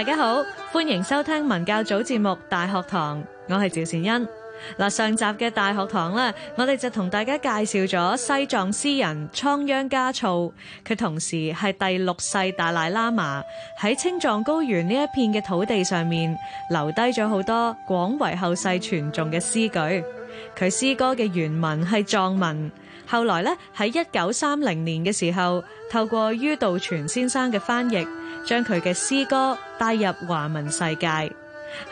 大家好，歡迎收聽文教組節目《大學堂》，我係趙善恩。嗱，上集嘅《大學堂》咧，我哋就同大家介紹咗西藏詩人倉央嘉措，佢同時係第六世達賴喇嘛，喺青藏高原呢一片嘅土地上面，留低咗好多廣為後世傳頌嘅詩句。佢詩歌嘅原文係藏文，後來咧喺一九三零年嘅時候，透過于道泉先生嘅翻譯，將佢嘅詩歌帶入華文世界。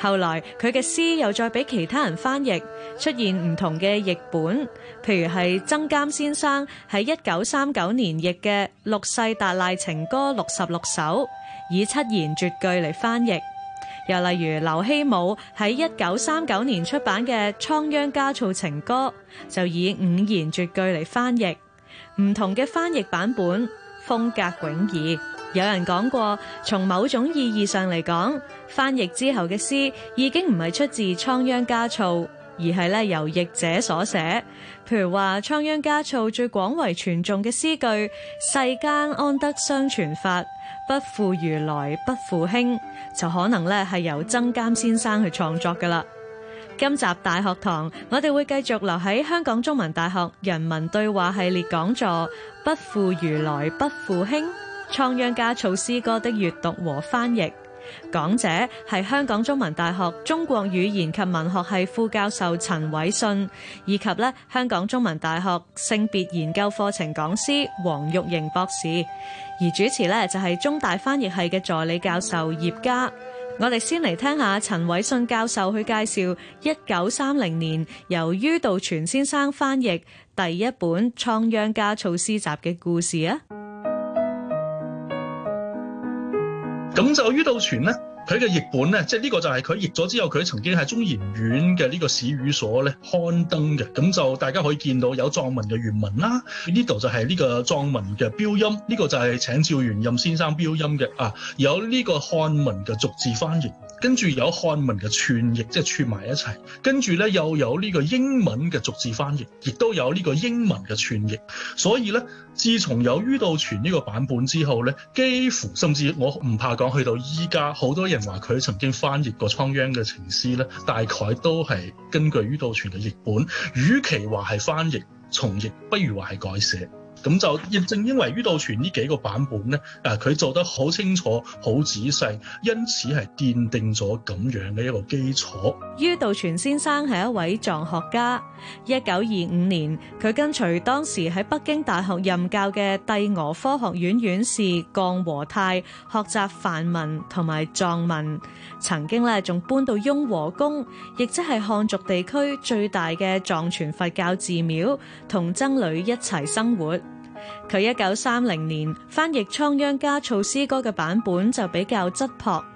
後來佢嘅詩又再俾其他人翻譯，出現唔同嘅譯本。譬如係曾緘先生喺一九三九年譯嘅《六世達賴情歌》六十六首，以七言絕句嚟翻譯。又例如劉希武喺一九三九年出版嘅《倉央嘉措情歌》，就以五言絕句嚟翻譯。唔同嘅翻譯版本，風格迥異。有人講過，從某種意義上嚟講，翻譯之後嘅詩已經唔係出自倉央嘉措，而係咧由譯者所寫。譬如話倉央嘉措最廣為傳頌嘅詩句“世間安得雙全法，不負如來不負卿”，就可能咧係由曾緘先生去創作噶啦。今集大學堂，我哋會繼續留喺香港中文大學人文對話系列講座。不負如來不負卿，倉央嘉措詩歌的閱讀和翻譯。講者係香港中文大學中國語言及文學系副教授陳煒舜，以及咧香港中文大學性別研究課程講師黃鈺螢博士。而主持咧就係中大翻譯係嘅助理教授葉嘉。我哋先嚟聽下陳煒舜教授去介紹一九三零年，由于道泉先生翻譯第一本《倉央嘉措詩集》嘅故事啊！咁就于道泉呢？佢嘅譯本咧，即係呢個就係佢譯咗之後，佢曾經喺中研院嘅呢個史語所咧刊登嘅，咁就大家可以見到有藏文嘅原文啦。呢度就係呢個藏文嘅標音，呢個就係請趙元任先生標音嘅啊，有呢個漢文嘅逐字翻譯。跟住有漢文嘅串譯，即、就、係、是、串埋一齊。跟住呢，又有呢個英文嘅逐字翻譯，亦都有呢個英文嘅串譯。所以呢，自從有于道泉呢、這個版本之後呢，幾乎甚至我唔怕講，去到依家，好多人話佢曾經翻譯過《倉央》嘅情詩呢，大概都係根據于道泉嘅譯本。與其話係翻譯重譯，譯不如話係改寫。咁就亦正因為于道泉呢幾個版本咧，啊，佢做得好清楚、好仔細，因此係奠定咗咁樣嘅一個基礎。于道泉先生係一位藏學家，一九二五年佢跟隨當時喺北京大學任教嘅帝俄科學院院士降和泰學習梵文同埋藏文，曾經咧仲搬到雍和宮，亦即係漢族地區最大嘅藏傳佛教寺廟，同僧侶一齊生活。佢一九三零年翻譯倉央嘉措詩歌嘅版本就比較質樸，呢、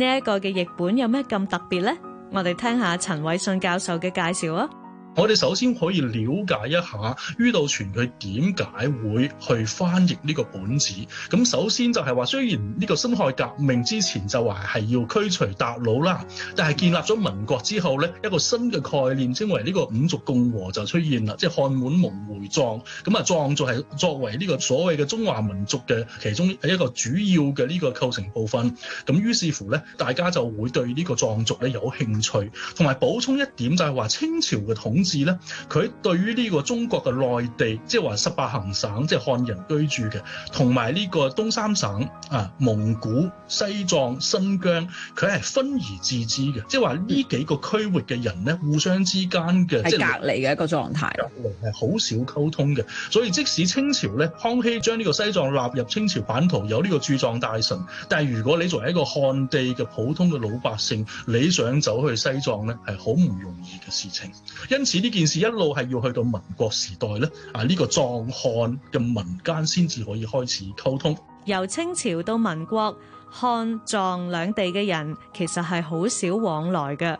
這、一個嘅譯本有咩咁特別呢？我哋聽下陳煒舜教授嘅介紹啊。我哋首先可以了解一下于道泉佢點解會去翻譯呢個本子。咁首先就係話，雖然呢個辛亥革命之前就話係要驅除韃虜啦，但係建立咗民國之後咧，一個新嘅概念稱為呢個五族共和就出現啦，即係漢滿蒙回藏。咁啊，藏族係作為呢個所謂嘅中華民族嘅其中一個主要嘅呢個構成部分。咁於是乎咧，大家就會對呢個藏族咧有興趣。同埋補充一點就係話清朝嘅統,統。政治咧，佢對於呢個中國嘅內地，即係話十八行省，即係漢人居住嘅，同埋呢個東三省啊、蒙古、西藏、新疆，佢係分而治之嘅，即係話呢幾個區域嘅人咧，互相之間嘅隔離嘅一個狀態，係好少溝通嘅。所以即使清朝咧，康熙將呢個西藏納入清朝版圖，有呢個駐藏大臣，但係如果你作為一個漢地嘅普通嘅老百姓，你想走去西藏咧，係好唔容易嘅事情，因似呢件事一路係要去到民國時代咧啊，呢個藏漢嘅民間先至可以開始溝通。由清朝到民國，漢藏兩地嘅人其實係好少往來嘅，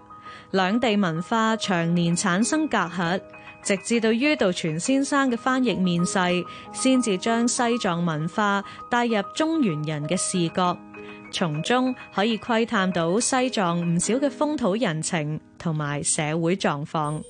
兩地文化長年產生隔閡，直至到于道泉先生嘅翻譯面世，先至將西藏文化帶入中原人嘅視角，從中可以窺探到西藏唔少嘅風土人情同埋社會狀況。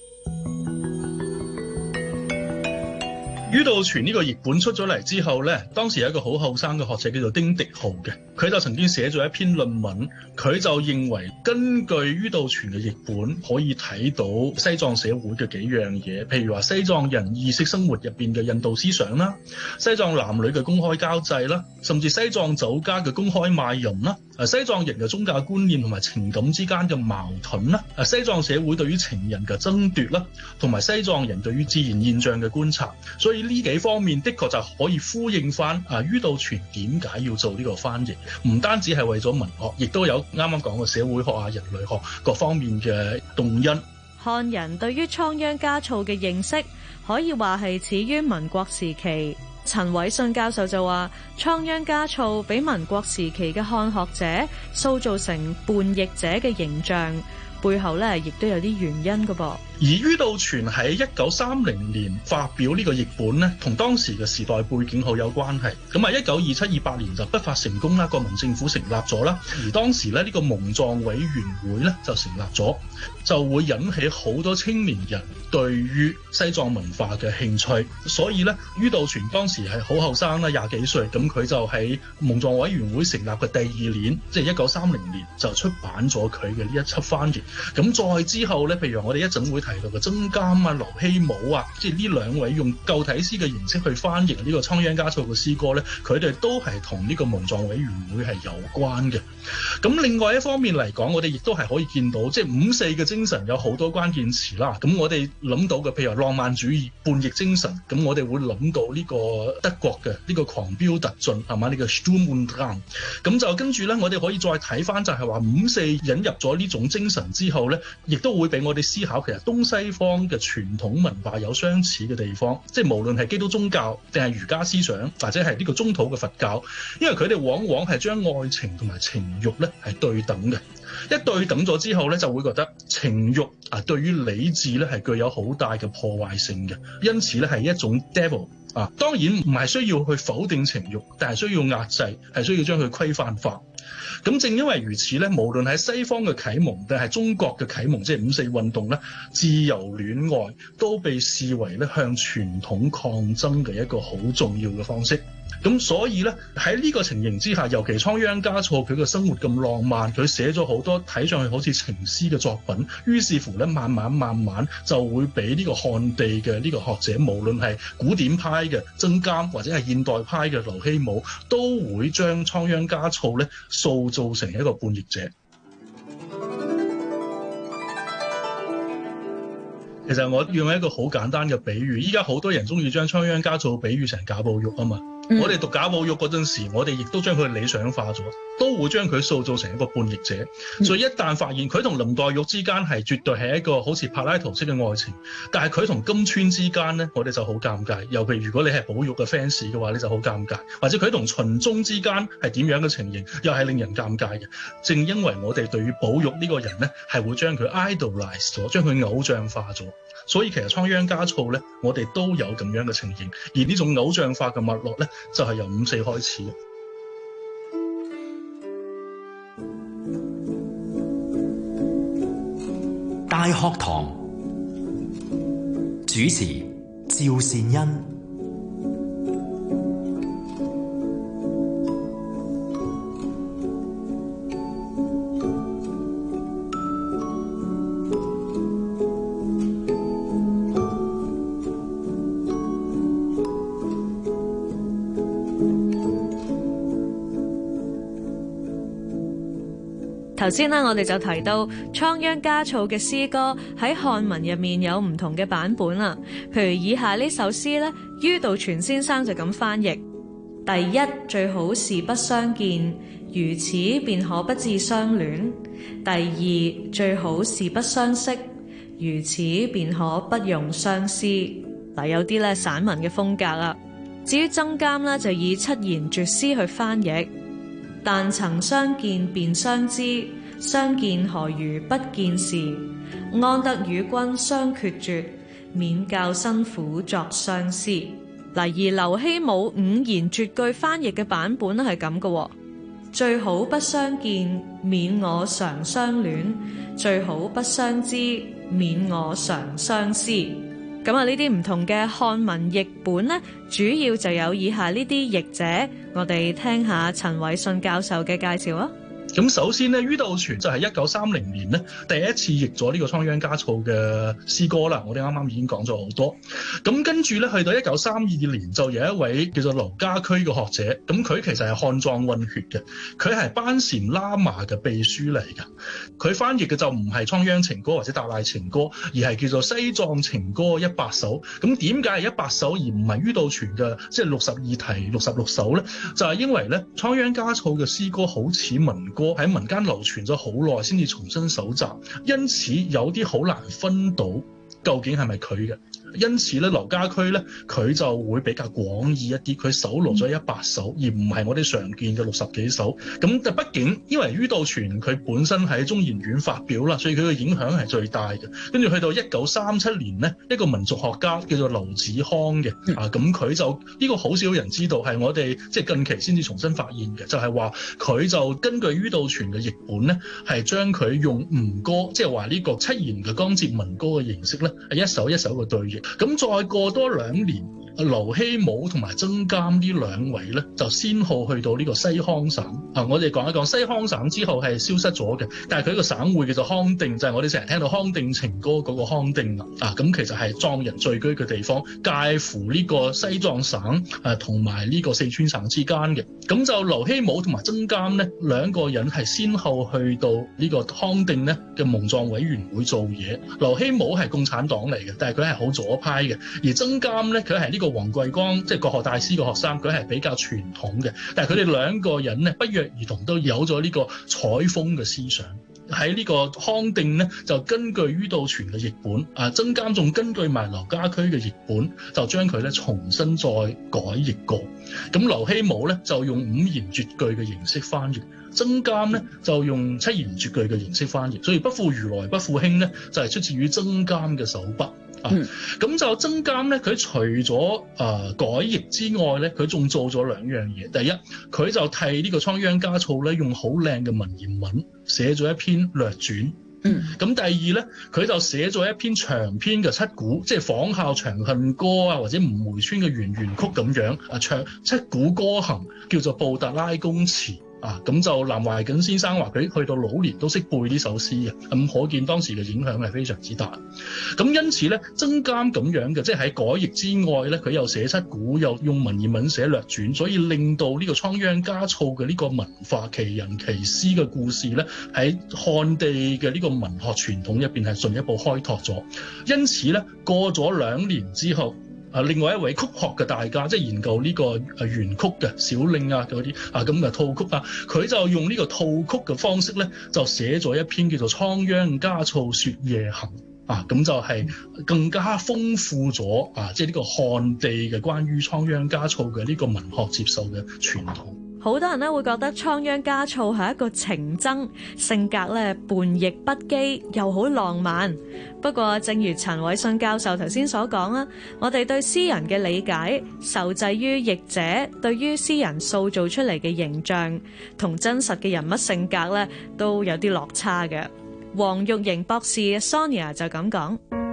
于道泉呢個譯本出咗嚟之後呢，當時有一個好後生嘅學者叫做丁迪豪嘅，佢就曾經寫咗一篇論文，佢就認為根據于道泉嘅譯本可以睇到西藏社會嘅幾樣嘢，譬如話西藏人意識生活入邊嘅印度思想啦，西藏男女嘅公開交際啦，甚至西藏酒家嘅公開賣淫啦。誒西藏人嘅宗教觀念同埋情感之間嘅矛盾啦，誒西藏社會對於情人嘅爭奪啦，同埋西藏人對於自然現象嘅觀察，所以呢幾方面的確就可以呼應翻啊于道泉點解要做呢個翻譯，唔單止係為咗文學，亦都有啱啱講嘅社會學啊、人類學各方面嘅動因。漢人對於倉央嘉措嘅認識。可以話係始於民國時期，陳煒舜教授就話：倉央嘉措，俾民國時期嘅漢學者塑造成叛逆者嘅形象，背後咧亦都有啲原因㗎噃。而于道泉喺一九三零年發表呢個譯本咧，同當時嘅時代背景好有關係，咁啊，一九二七二八年就北伐成功啦，國民政府成立咗啦，而當時咧呢個蒙藏委員會咧就成立咗，就會引起好多青年人對於西藏文化嘅興趣。所以咧，于道泉當時係好後生啦，廿幾歲，咁佢就喺蒙藏委員會成立嘅第二年，即係一九三零年，就出版咗佢嘅呢一輯翻譯，咁再之後咧，譬如我哋一陣會。係咯，曾緘啊、劉希武啊，即係呢兩位用舊體詩嘅形式去翻譯呢、這個《倉央嘉措》嘅詩歌咧，佢哋都係同呢個蒙藏委員會係有關嘅。咁另外一方面嚟講，我哋亦都係可以見到，即係五四嘅精神有好多關鍵詞啦。咁我哋諗到嘅，譬如浪漫主義、叛逆精神，咁我哋會諗到呢個德國嘅呢、這個狂飆突進係嘛？呢、這個 Sturm und Drang 咁就跟住咧，我哋可以再睇翻，就係話五四引入咗呢種精神之後咧，亦都會俾我哋思考，其實都。東西方嘅傳統文化有相似嘅地方，即係無論係基督宗教定係儒家思想，或者係呢個中土嘅佛教，因為佢哋往往係將愛情同埋情欲咧係對等嘅，一對等咗之後咧就會覺得情欲啊對於理智咧係具有好大嘅破壞性嘅，因此咧係一種 devil 啊，當然唔係需要去否定情欲，但係需要壓制，係需要將佢規範化。咁正因為如此咧，無論係西方嘅啟蒙定係中國嘅啟蒙，即係五四運動咧，自由戀愛都被視為咧向傳統抗爭嘅一個好重要嘅方式。咁所以呢，喺呢個情形之下，尤其倉央嘉措，佢嘅生活咁浪漫，佢寫咗好多睇上去好似情詩嘅作品。於是乎呢，慢慢慢慢就會俾呢個漢地嘅呢個學者，無論係古典派嘅曾緘，或者係現代派嘅劉希武，都會將倉央嘉措呢塑造成一個叛逆者。其實我用一個好簡單嘅比喻，依家好多人中意將倉央嘉措比喻成賈寶玉啊嘛。 我哋讀賈寶玉嗰陣時，我哋亦都將佢理想化咗，都會將佢塑造成一個叛逆者。所以一旦發現佢同林黛玉之間係絕對係一個好似柏拉圖式嘅愛情，但係佢同金川之間咧，我哋就好尷尬。尤其如果你係寶玉嘅 fans 嘅話，你就好尷尬。或者佢同秦忠之間係點樣嘅情形，又係令人尷尬嘅。正因為我哋對於寶玉呢個人咧，係會將佢 idolize 咗，將佢偶像化咗，所以其實倉央嘉措咧，我哋都有咁樣嘅情形。而呢種偶像化嘅脈絡咧，就係由五四開始。大學堂主持趙善恩。頭先咧我哋就提到倉央嘉措嘅詩歌喺漢文入面有唔同嘅版本啦。譬如以下呢首詩咧，于道泉先生就咁翻譯：第一最好是不相見，如此便可不至相戀；第二最好是不相識，如此便可不用相思。嗱，有啲咧散文嘅風格啦。至於曾緘呢就以七言絕詩去翻譯。但曾相見便相知，相見何如不見時。安得與君相決絕，免教辛苦作相思。例如劉希武五言絕句翻譯嘅版本咧係咁嘅，最好不相見，免我常相戀；最好不相知，免我常相思。咁啊，呢啲唔同嘅漢文譯本呢，主要就有以下呢啲譯者，我哋聽下陳煒舜教授嘅介紹啊。咁首先咧，于道泉就係一九三零年咧，第一次譯咗呢個倉央嘉措嘅詩歌啦。我哋啱啱已經講咗好多。咁跟住咧，去到一九三二年，就有一位叫做劉家駒嘅學者。咁佢其實係漢藏混血嘅，佢係班禪喇嘛嘅秘書嚟嘅。佢翻譯嘅就唔係《倉央情歌》或者《達賴情歌》，而係叫做《西藏情歌一百首》。咁點解係一百首而唔係于道泉嘅？即係六十二題六十六首咧？就係因為咧，倉央嘉措嘅詩歌好似文個喺民間流傳咗好耐，先至重新搜集，因此有啲好難分到究竟係咪佢嘅。因此咧，劉家駒咧佢就會比較廣義一啲，佢搜羅咗一百首，而唔係我哋常見嘅六十幾首。咁但係畢竟因為于道泉佢本身喺中研院發表啦，所以佢嘅影響係最大嘅。跟住去到一九三七年呢一個民族學家叫做劉子康嘅、嗯、啊，咁佢就呢、呢個好少人知道，係我哋即係近期先至重新發現嘅，就係話佢就根據于道泉嘅譯本咧，係將佢用吳歌，即係話呢個七言嘅江浙民歌嘅形式咧，係一首一首嘅對應。咁再過多兩年。劉希武同埋曾緘呢兩位呢，就先後去到呢個西康省。啊，我哋講一講西康省之後係消失咗嘅，但係佢個省會叫做康定，就係、是、我哋成日聽到康定情歌嗰個康定啊。咁、嗯、其實係藏人聚居嘅地方，介乎呢個西藏省同埋呢個四川省之間嘅。咁就劉希武同埋曾緘呢，兩個人係先後去到呢個康定呢嘅蒙藏委員會做嘢。劉希武係共產黨嚟嘅，但係佢係好左派嘅，而曾緘呢，佢係呢個。黃桂光即係國學大師個學生，佢係比較傳統嘅，但係佢哋兩個人呢，不約而同都有咗呢個采風嘅思想。喺呢個康定呢，就根據於道泉嘅譯本，啊曾緘仲根據埋劉家駒嘅譯本，就將佢呢重新再改譯過。咁劉希武呢，就用五言絕句嘅形式翻譯，曾緘呢，就用七言絕句嘅形式翻譯。所以不負如來不負卿呢，就係出自於曾緘嘅手筆。嗯、啊，咁就曾緘咧，佢除咗啊、呃、改譯之外咧，佢仲做咗兩樣嘢。第一，佢就替個呢個《倉央嘉措咧，用好靚嘅文言文寫咗一篇略傳。嗯，咁第二咧，佢就寫咗一篇長篇嘅七古，即係仿效《長恨歌》啊，或者《吳梅村》嘅《圓圓曲》咁樣啊，唱七古歌行叫做布《布達拉宮詞》。啊，咁就南懷瑾先生話佢去到老年都識背呢首詩嘅，咁可見當時嘅影響係非常之大。咁因此咧，曾緘咁樣嘅，即係喺改譯之外咧，佢又寫七古，又用文言文寫略傳，所以令到呢個倉央嘉措嘅呢個文化奇人奇詩嘅故事咧，喺漢地嘅呢個文學傳統入面係進一步開拓咗。因此咧，過咗兩年之後。啊！另外一位曲學嘅大家，即係研究呢個啊原曲嘅小令啊嗰啲，啊咁嘅套曲啊，佢就用呢個套曲嘅方式咧，就寫咗一篇叫做《倉央嘉措雪夜行》啊，咁就係更加豐富咗啊！即係呢個漢地嘅關於倉央嘉措嘅呢個文學接受嘅傳統。好多人咧會覺得倉央嘉措係一個情僧，性格咧，叛逆不羈又好浪漫。不過，正如陳煒舜教授頭先所講啦，我哋對詩人嘅理解受制於譯者對於詩人塑造出嚟嘅形象同真實嘅人物性格咧，都有啲落差嘅。黃鈺螢博士 Sonia 就咁講。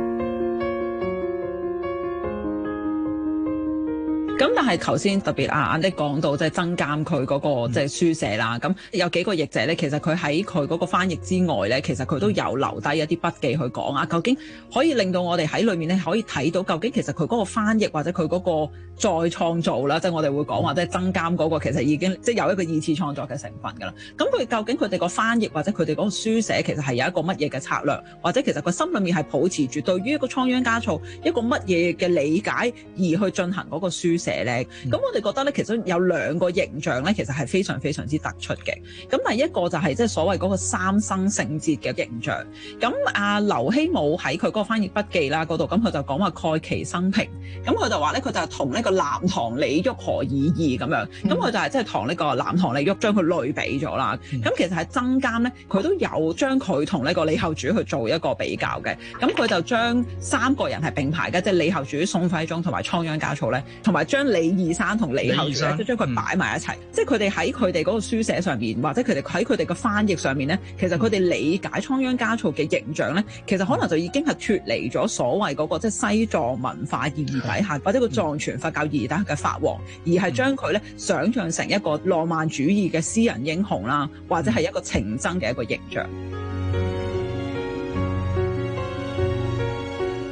咁但係頭先特別啱啱都講到，即係增監佢嗰個即係書寫啦，咁、嗯、有幾個譯者咧，其實佢喺佢嗰個翻譯之外咧，其實佢都有留低一啲筆記去講啊。究竟可以令到我哋喺裏面咧可以睇到，究竟其實佢嗰個翻譯或者佢嗰個再創造啦，嗯、即係我哋會講話即係增監嗰個其實已經即係有一個二次創作嘅成分㗎啦。咁佢究竟佢哋個翻譯或者佢哋嗰個書寫其實係有一個乜嘢嘅策略，或者其實佢心裡面係保持住對於一個倉央嘉措一個乜嘢嘅理解而去進行嗰個書寫？咁、嗯、我哋覺得咧，其實有兩個形象咧，其實係非常非常之突出嘅。咁第一個就係即係所謂嗰個三生聖節嘅形象。咁阿、啊、劉希武喺佢嗰個翻譯筆記啦嗰度，咁佢就講話蓋其生平，咁佢就話咧，佢就係同呢個南唐李煜何以異咁樣，咁佢就係即係同呢個南唐李煜將佢類比咗啦。咁其實喺曾緘咧，佢都有將佢同呢個李後主去做一個比較嘅。咁佢就將三個人係並排嘅，即係李後主、宋徽宗同埋倉央嘉措咧，同埋將李二山同李後餘咧，即係將佢擺埋一齊，即係佢哋喺佢哋嗰個書寫上面，或者佢哋喺佢哋嘅翻譯上面呢，其實佢哋理解倉央嘉措嘅形象呢，其實可能就已經係脱離咗所謂嗰、那個即係、就是、西藏文化意義底下，嗯、或者個藏傳佛教意義底下嘅法王，而係將佢呢想象成一個浪漫主義嘅私人英雄啦，或者係一個情僧嘅一個形象。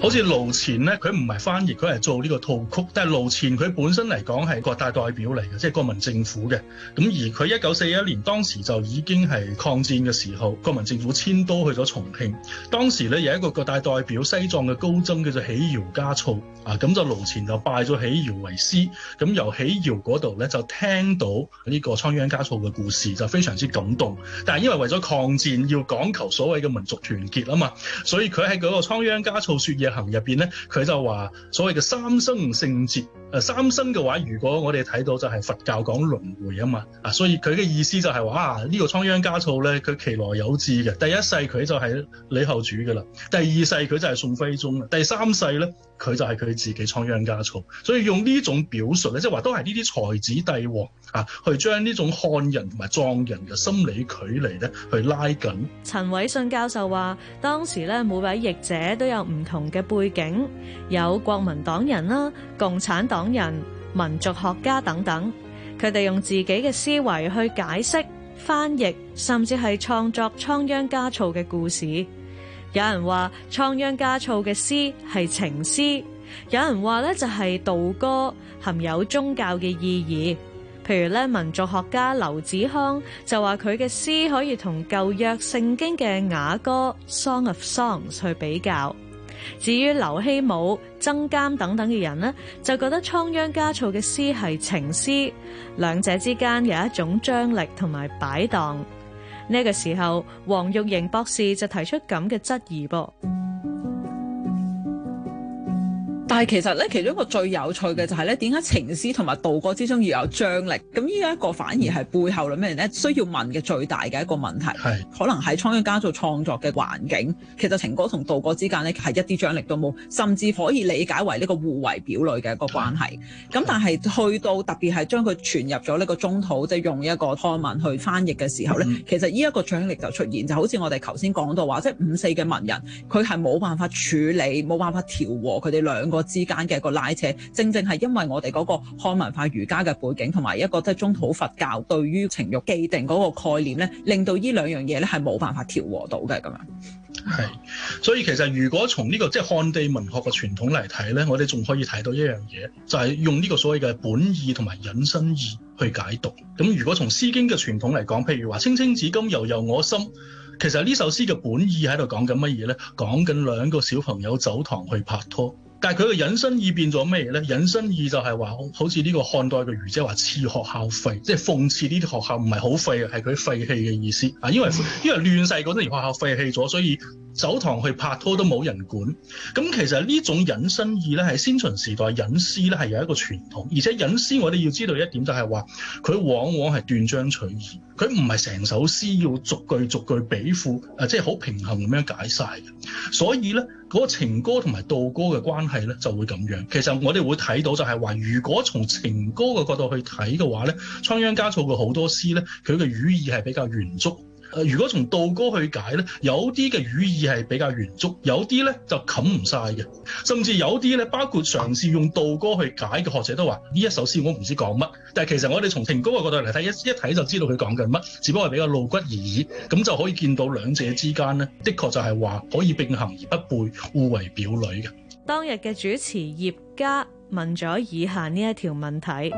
好似盧前咧，佢唔係翻譯，佢係做呢個套曲。但係盧前佢本身嚟講係國大代表嚟嘅，即、就、係、是、國民政府嘅。咁而佢一九四一年當時就已經係抗戰嘅時候，國民政府遷都去咗重慶。當時咧有一個國大代表西藏嘅高僧叫做喜饒嘉措啊，咁、嗯、就盧前就拜咗喜饒為師。咁、嗯、由喜饒嗰度咧就聽到呢個《倉央嘉措》嘅故事，就非常之感動。但係因為為咗抗戰要講求所謂嘅民族團結啊嘛，所以佢喺嗰個蒼家《倉央嘉措》説嘢。行入邊咧，佢就話所謂嘅三生聖節。三生嘅話，如果我哋睇到就係、是、佛教講輪迴啊嘛，啊所以佢嘅意思就係話啊、這個、呢個倉央嘉措，咧，佢其來有自嘅。第一世佢就係李後主嘅啦，第二世佢就係宋徽宗，第三世咧佢就係佢自己倉央嘉措。所以用呢種表述咧，即係話都係呢啲才子帝王啊，去將呢種漢人同埋藏人嘅心理距離咧去拉緊。陳煒舜教授話：當時咧每位譯者都有唔同嘅背景，有國民黨人啦，共產黨、港人、民族學家等等，佢哋用自己嘅思維去解釋、翻譯，甚至係創作倉央嘉措嘅故事。有人話倉央嘉措嘅詩係情詩，有人話咧就係道歌，含有宗教嘅意義。譬如咧，民族學家劉子康就話佢嘅詩可以同舊約聖經嘅雅歌 （Song of Songs） 去比較。至於劉希武、曾緘等等嘅人呢，就覺得《倉央嘉措》嘅詩係情詩，兩者之間有一種張力同埋擺盪。呢、這個時候，黃鈺螢博士就提出咁嘅質疑噃。但係其實咧，其中一個最有趣嘅就係咧，點解情詩同埋道歌之中要有張力？咁呢一個反而係背後裏面咧，需要問嘅最大嘅一個問題，是可能喺倉央嘉措做創作嘅環境，其實情歌同道歌之間咧係一啲張力都冇，甚至可以理解為呢個互為表裏嘅一個關係。咁是但係去到特別係將佢傳入咗呢個中土，即係用一個漢文去翻譯嘅時候咧，是其實呢一個張力就出現，就好似我哋頭先講到話，即係五四嘅文人，佢係冇辦法處理，冇辦法調和佢哋兩個。之間嘅一個拉扯，正正係因為我哋嗰個漢文化儒家嘅背景，同埋一個即係中土佛教對於情欲既定嗰個概念咧，令到呢兩樣嘢咧係冇辦法調和到嘅咁樣。係，所以其實如果從呢個即係漢地文學嘅傳統嚟睇，咧我哋仲可以睇到一樣嘢，就係用呢個所謂嘅本意同埋引申意去解讀。咁如果從《詩經》嘅傳統嚟講，譬如話青青子衿，悠悠我心，其實呢首詩嘅本意喺度講緊乜嘢咧？講緊兩個小朋友走堂去拍拖。但佢嘅引申意變咗咩嘢咧？引申意就係話，好似呢個漢代嘅儒者話，刺、就是、學校廢，即、就、係、是、諷刺呢啲學校唔係好廢，係佢廢棄嘅意思。啊，因為因為亂世嗰陣時學校廢棄咗，所以。走堂去拍拖都冇人管，咁其實呢種隱身意咧，喺先秦時代隱私咧係有一個傳統，而且隱私我哋要知道一點就係話，佢往往係斷章取義，佢唔係成首詩要逐句逐句比附、呃、即係好平衡咁樣解曬。所以咧，嗰、嗰個、情歌同埋道歌嘅關係咧就會咁樣。其實我哋會睇到就係話，如果從情歌嘅角度去睇嘅話，咧，倉央嘉措嘅好多詩咧，佢嘅語意係比較圓足。如果從道歌去解呢有啲嘅語意係比較圓足，有啲呢就冚唔晒嘅，甚至有啲呢包括嘗試用道歌去解嘅學者都話：呢一首詩我唔知講乜。但係其實我哋從情歌嘅角度嚟睇，一一睇就知道佢講緊乜，只不過係比較露骨而已。咁就可以見到兩者之間呢，的確就係話可以並行而不悖，互為表裏嘅。當日嘅主持葉家問咗以下呢一條問題。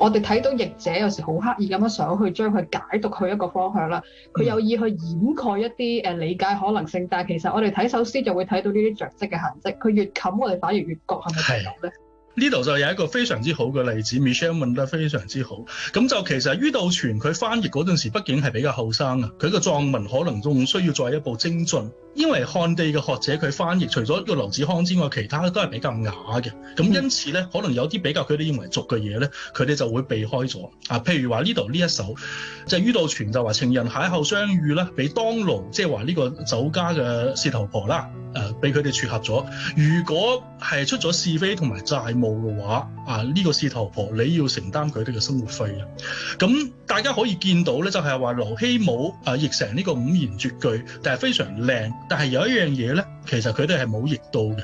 我哋睇到譯者有時好刻意咁樣想去將佢解讀去一個方向啦，佢有意去掩蓋一啲理解可能性，嗯、但係其實我哋睇首詩就會睇到呢啲著跡嘅痕跡。佢越冚，我哋反而越覺係咪係呢？呢度就有一個非常之好嘅例子，Michelle 問得非常之好。咁就其實于道泉佢翻譯嗰陣時，畢竟係比較後生啊，佢個藏文可能仲需要再一步精進。因為漢地嘅學者佢翻譯，除咗個劉子康之外，其他都係比較雅嘅。咁因此咧，可能有啲比較佢哋認為俗嘅嘢咧，佢哋就會避開咗啊。譬如話呢度呢一首，就於、是、道泉就話情人邂逅相遇咧，俾當壚，即係話呢個酒家嘅事頭婆啦，誒、呃，俾佢哋撮合咗。如果係出咗是非同埋債務嘅話，啊，呢、這個事頭婆你要承擔佢哋嘅生活費啊。咁大家可以見到咧，就係話劉希武誒譯成呢個五言絕句，但係非常靚。但係有一樣嘢咧，其實佢哋係冇譯到嘅，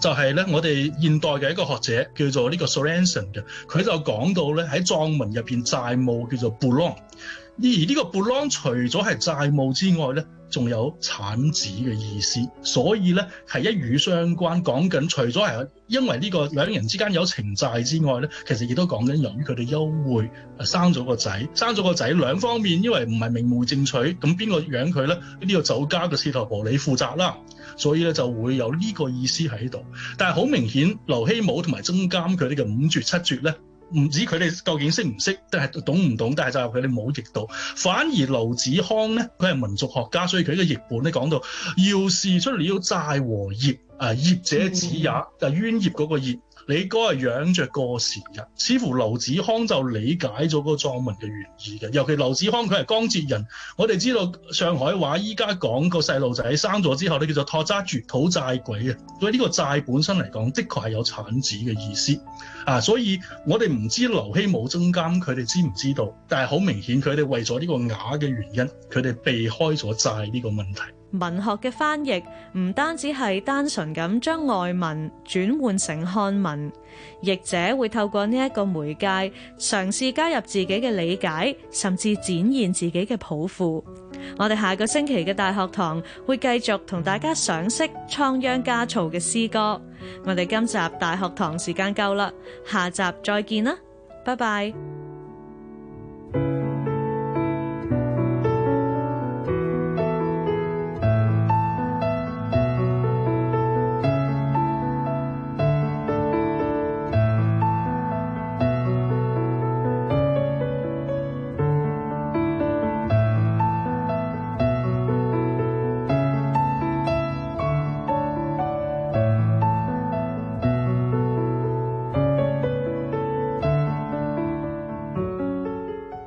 就係、是、咧我哋現代嘅一個學者叫做呢個 Sorenson 嘅，佢就講到咧，喺藏文入面，債務叫做 bu lon。而呢個布朗除咗係債務之外咧，仲有產子嘅意思，所以咧係一語相關講緊。係除咗係因為呢個兩人之間有情債之外咧，其實亦都講緊由於佢哋幽會生咗個仔，生咗個仔兩方面，因為唔係明媒正娶，咁邊個養佢咧？呢、這個酒家嘅司徒婆你負責啦，所以咧就會有呢個意思喺度。但係好明顯，劉希武同埋曾緘佢呢個五絕七絕咧。唔知佢哋究竟識唔識，都係懂唔懂，但係就係佢哋冇譯到。反而劉子康呢，佢係民族學家，所以佢嘅譯本呢，講到，要事出來要債和業，誒，業者子也，嗯、冤業嗰個業。你哥係養着過時人，似乎劉子康就理解咗個藏文嘅原意嘅。尤其劉子康佢係江浙人，我哋知道上海話依家講個細路仔生咗之後咧叫做托揸絕土債鬼嘅，所以呢個債本身嚟講的確係有產子嘅意思啊。所以我哋唔知劉希武曾緘佢哋知唔知道，但係好明顯佢哋為咗呢個雅嘅原因，佢哋避開咗債呢個問題。文學嘅翻譯唔單止係單純咁將外文轉換成漢文，譯者會透過呢一個媒介，嘗試加入自己嘅理解，甚至展現自己嘅抱負。我哋下個星期嘅大學堂會繼續同大家賞識倉央嘉措嘅詩歌。我哋今集大學堂時間夠啦，下集再見啦，拜拜。